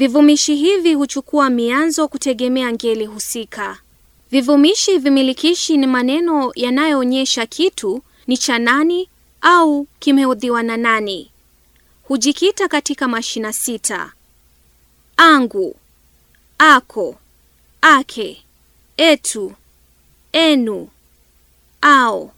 Vivumishi hivi huchukua mianzo kutegemea ngeli husika. Vivumishi vimilikishi ni maneno yanayoonyesha kitu ni cha nani au kimeudhiwa na nani. Hujikita katika mashina sita: angu, ako, ake, etu, enu, ao.